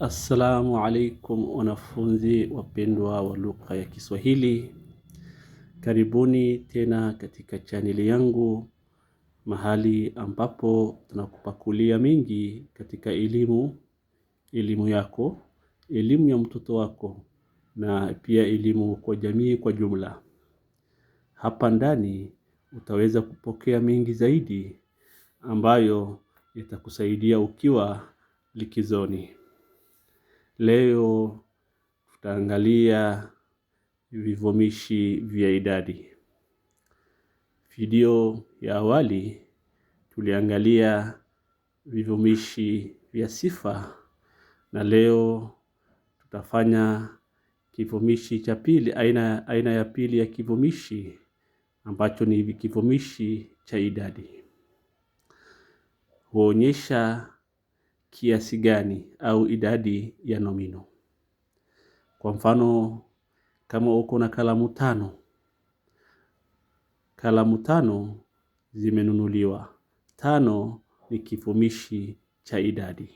Assalamu alaikum wanafunzi wapendwa wa lugha ya Kiswahili, karibuni tena katika chaneli yangu, mahali ambapo tunakupakulia mingi katika elimu, elimu yako, elimu ya mtoto wako, na pia elimu kwa jamii kwa jumla. Hapa ndani utaweza kupokea mengi zaidi ambayo yatakusaidia ukiwa likizoni. Leo tutaangalia vivumishi vya idadi. Video ya awali tuliangalia vivumishi vya sifa na leo tutafanya kivumishi cha pili, aina, aina ya pili ya kivumishi ambacho ni kivumishi cha idadi. Huonyesha kiasi gani au idadi ya nomino. Kwa mfano kama uko na kalamu tano, kalamu tano zimenunuliwa. Tano ni kivumishi cha idadi.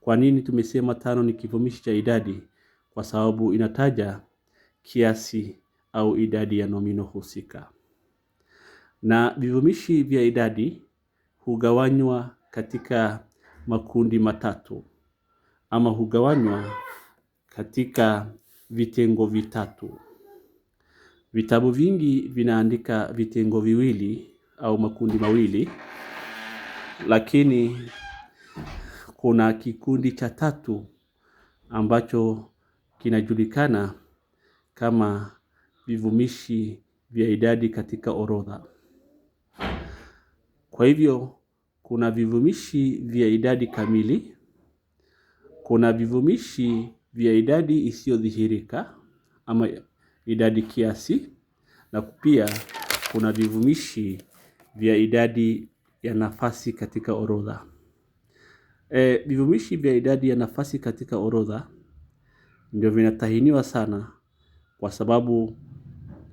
Kwa nini tumesema tano ni kivumishi cha idadi? Kwa sababu inataja kiasi au idadi ya nomino husika. Na vivumishi vya idadi hugawanywa katika makundi matatu ama hugawanywa katika vitengo vitatu. Vitabu vingi vinaandika vitengo viwili au makundi mawili, lakini kuna kikundi cha tatu ambacho kinajulikana kama vivumishi vya idadi katika orodha. Kwa hivyo kuna vivumishi vya idadi kamili, kuna vivumishi vya idadi isiyodhihirika ama idadi kiasi, na pia kuna vivumishi vya idadi ya nafasi katika orodha. E, vivumishi vya idadi ya nafasi katika orodha ndio vinatahiniwa sana kwa sababu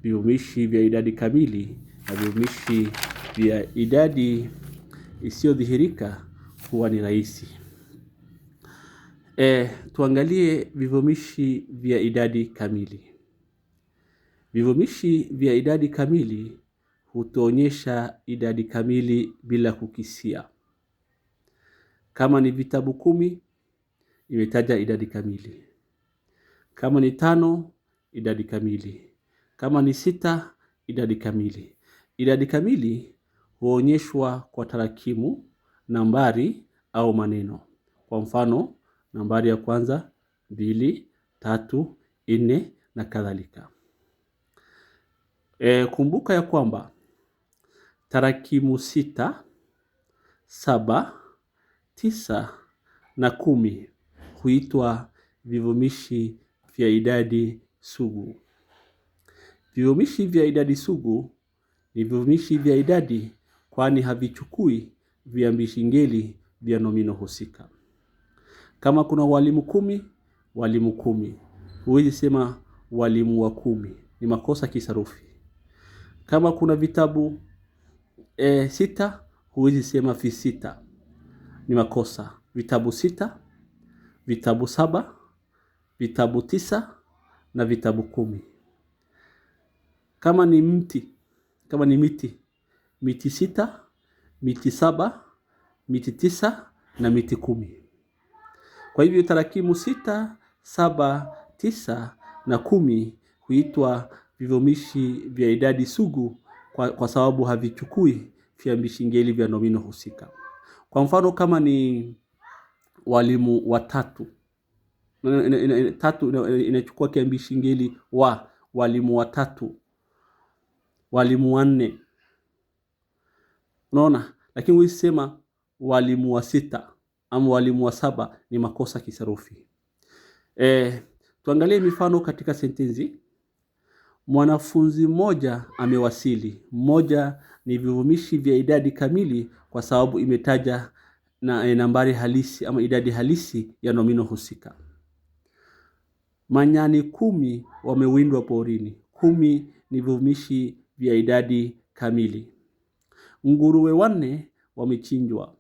vivumishi vya idadi kamili na vivumishi vya idadi isiyodhihirika huwa ni rahisi. E, tuangalie vivumishi vya idadi kamili. Vivumishi vya idadi kamili hutuonyesha idadi kamili bila kukisia. Kama ni vitabu kumi, imetaja idadi kamili. Kama ni tano, idadi kamili. Kama ni sita, idadi kamili. Idadi kamili huonyeshwa kwa tarakimu, nambari au maneno. Kwa mfano, nambari ya kwanza, mbili, tatu, nne na kadhalika. E, kumbuka ya kwamba tarakimu sita, saba, tisa na kumi huitwa vivumishi vya idadi sugu. Vivumishi vya idadi sugu ni vivumishi vya idadi kwani havichukui viambishi ngeli vya nomino husika. Kama kuna walimu kumi, walimu kumi. Huwezi sema walimu wa kumi, ni makosa kisarufi. Kama kuna vitabu e, sita, huwezi sema visita, ni makosa. Vitabu sita, vitabu saba, vitabu tisa na vitabu kumi. Kama ni mti, kama ni miti miti sita, miti saba, miti tisa na miti kumi. Kwa hivyo tarakimu sita, saba, tisa na kumi huitwa vivumishi vya idadi sugu kwa, kwa sababu havichukui viambishi ngeli vya nomino husika. Kwa mfano kama ni walimu watatu, tatu inachukua kiambishi ngeli wa, walimu watatu, walimu wanne Unaona, lakini huwezi sema walimu wa sita ama walimu wa saba, ni makosa kisarufi. E, tuangalie mifano katika sentensi. Mwanafunzi mmoja amewasili. Mmoja ni vivumishi vya idadi kamili kwa sababu imetaja na e, nambari halisi ama idadi halisi ya nomino husika. Manyani kumi wamewindwa porini. Kumi ni vivumishi vya idadi kamili. Nguruwe wanne wamechinjwa,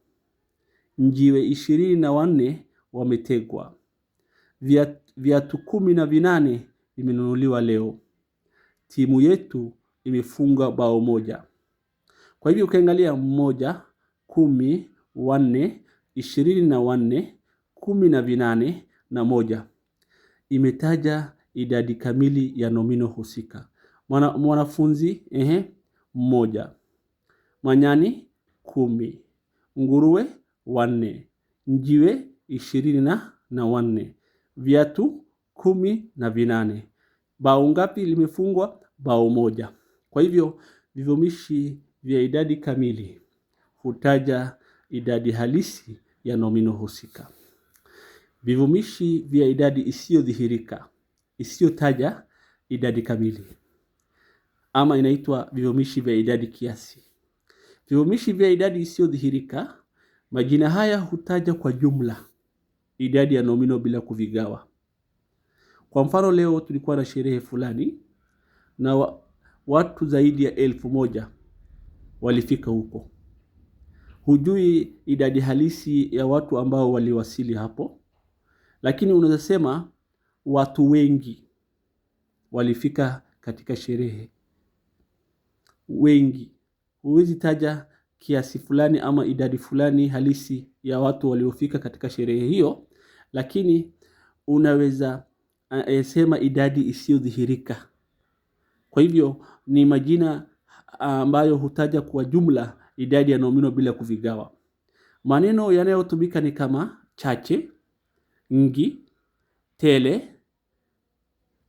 njiwe ishirini na wanne wametegwa, viatu kumi na vinane vimenunuliwa leo. Timu yetu imefunga bao moja. Kwa hivyo ukiangalia mmoja kumi, wanne, ishirini na wanne, kumi na vinane na moja imetaja idadi kamili ya nomino husika. Mwanafunzi ehe, mmoja manyani kumi, nguruwe wanne, njiwe ishirini na na wanne, viatu kumi na vinane. Bao ngapi limefungwa? Bao moja. Kwa hivyo vivumishi vya idadi kamili hutaja idadi halisi ya nomino husika. Vivumishi vya idadi isiyodhihirika isiyotaja idadi kamili ama inaitwa vivumishi vya idadi kiasi. Vivumishi vya idadi isiyodhihirika. Majina haya hutaja kwa jumla idadi ya nomino bila kuvigawa. Kwa mfano, leo tulikuwa na sherehe fulani na wa, watu zaidi ya elfu moja walifika huko. Hujui idadi halisi ya watu ambao waliwasili hapo, lakini unaweza sema watu wengi walifika katika sherehe, wengi huwezi taja kiasi fulani ama idadi fulani halisi ya watu waliofika katika sherehe hiyo, lakini unaweza uh, sema idadi isiyodhihirika. Kwa hivyo ni majina ah, ambayo hutaja kwa jumla idadi ya nomino bila kuvigawa. Maneno yanayotumika ni kama chache, ngi, tele,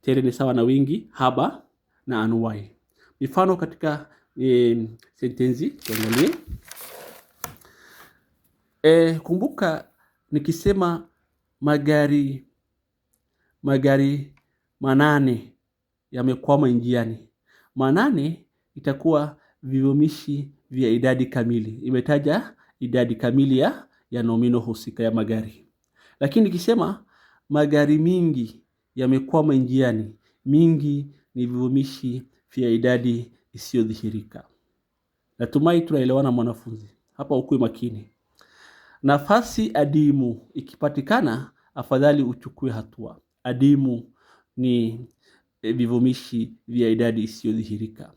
tele ni sawa na wingi, haba na anuwai. Mifano katika e, sentensi tuangalie. E, eh, kumbuka nikisema magari magari manane yamekwama njiani, manane itakuwa vivumishi vya idadi kamili. Imetaja idadi kamili ya, ya nomino husika ya magari. Lakini nikisema magari mingi yamekwama njiani, mingi ni vivumishi vya idadi isiyodhihirika. Natumai tunaelewana mwanafunzi, hapa ukuwe makini. Nafasi adimu ikipatikana, afadhali uchukue hatua. Adimu ni e, vivumishi vya idadi isiyodhihirika.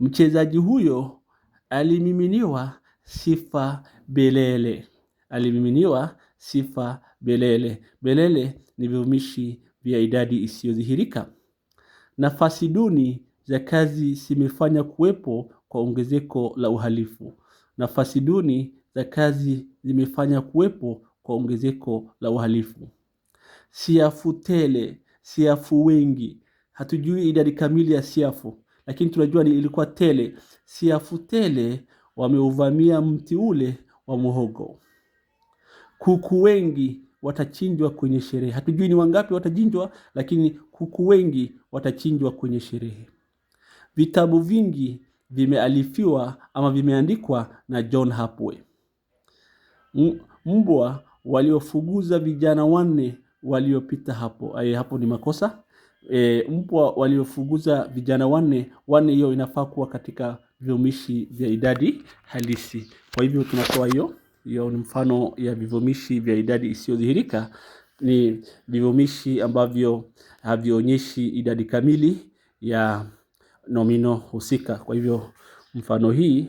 Mchezaji huyo alimiminiwa sifa belele. Alimiminiwa sifa belele. Belele ni vivumishi vya idadi isiyodhihirika. Nafasi duni za kazi zimefanya kuwepo kwa ongezeko la uhalifu. Nafasi duni za kazi zimefanya kuwepo kwa ongezeko la uhalifu. Siafu tele, siafu wengi. Hatujui idadi kamili ya siafu, lakini tunajua ilikuwa tele. Siafu tele wameuvamia mti ule wa muhogo. Kuku wengi watachinjwa kwenye sherehe. Hatujui ni wangapi watachinjwa, lakini kuku wengi watachinjwa kwenye sherehe. Vitabu vingi vimealifiwa ama vimeandikwa na John Hapwe. Mbwa waliofuguza vijana wanne waliopita hapo. E, hapo ni makosa. E, mbwa waliofuguza vijana wanne wanne, hiyo inafaa kuwa katika vivumishi vya idadi halisi. Kwa hivyo tunatoa hiyo hiyo, ni mfano ya vivumishi vya idadi isiyodhihirika. Ni vivumishi ambavyo havionyeshi idadi kamili ya nomino husika. Kwa hivyo mfano hii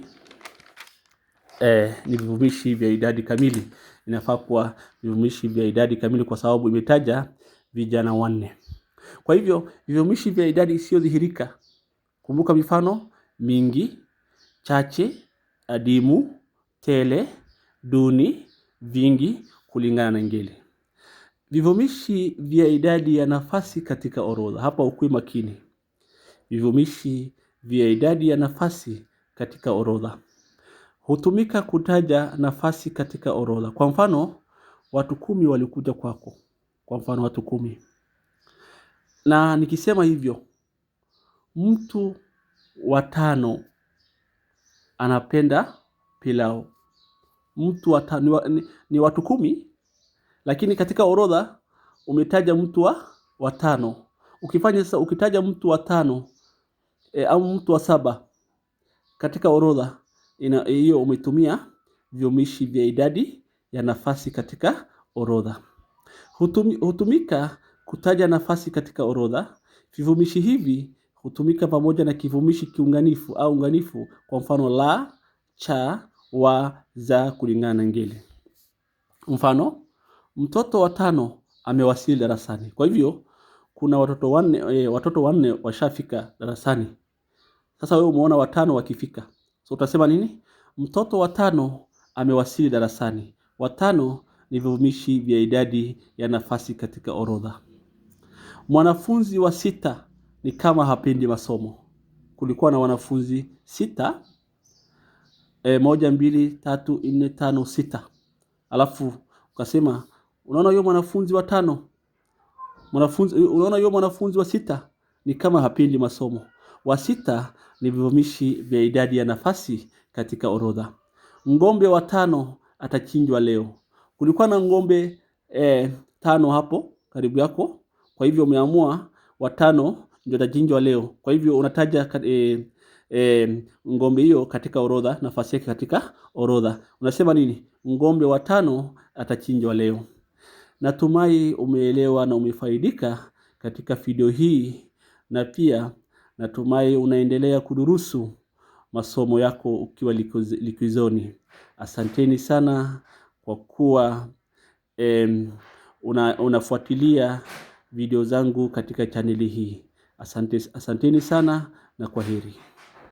eh, ni vivumishi vya idadi kamili, inafaa kuwa vivumishi vya idadi kamili kwa sababu imetaja vijana wanne. Kwa hivyo vivumishi vya idadi isiyodhihirika, kumbuka mifano mingi, chache, adimu, tele, duni, vingi kulingana na ngeli. Vivumishi vya idadi ya nafasi katika orodha. Hapa ukui makini vivumishi vya idadi ya nafasi katika orodha. Hutumika kutaja nafasi katika orodha. Kwa mfano, watu kumi walikuja kwako. Kwa mfano, watu kumi. Na nikisema hivyo, mtu wa tano anapenda pilau. Mtu watano ni, ni watu kumi, lakini katika orodha umetaja mtu wa watano. Ukifanya sasa, ukitaja mtu watano e, au mtu wa saba katika orodha hiyo umetumia viumishi vya idadi ya nafasi katika orodha. Hutumi, hutumika kutaja nafasi katika orodha. Vivumishi hivi hutumika pamoja na kivumishi kiunganifu au unganifu, kwa mfano la, cha, wa, za kulingana na ngeli. Mfano, mtoto wa tano amewasili darasani. Kwa hivyo kuna watoto wanne, e, watoto wanne washafika darasani. Sasa wewe umeona watano wakifika, so utasema nini? Mtoto watano amewasili darasani. Watano ni vivumishi vya idadi ya nafasi katika orodha. Mwanafunzi wa sita ni kama hapendi masomo. Kulikuwa na wanafunzi sita e, moja, mbili, tatu, nne, tano, sita, alafu ukasema unaona huyo mwanafunzi wa tano, mwanafunzi unaona huyo mwanafunzi wa sita ni kama hapendi masomo wa sita ni vivumishi vya idadi ya nafasi katika orodha. Ng'ombe wa tano atachinjwa leo. Kulikuwa na ng'ombe eh, tano hapo karibu yako, kwa hivyo umeamua watano ndio atachinjwa leo. Kwa hivyo unataja eh, eh, ng'ombe hiyo katika orodha, nafasi yake katika orodha. Unasema nini? Ng'ombe wa tano atachinjwa leo. Natumai umeelewa na umefaidika katika video hii na pia Natumai unaendelea kudurusu masomo yako ukiwa likizoni. Asanteni sana kwa kuwa em, una, unafuatilia video zangu katika chaneli hii. Asante, asanteni sana na kwaheri.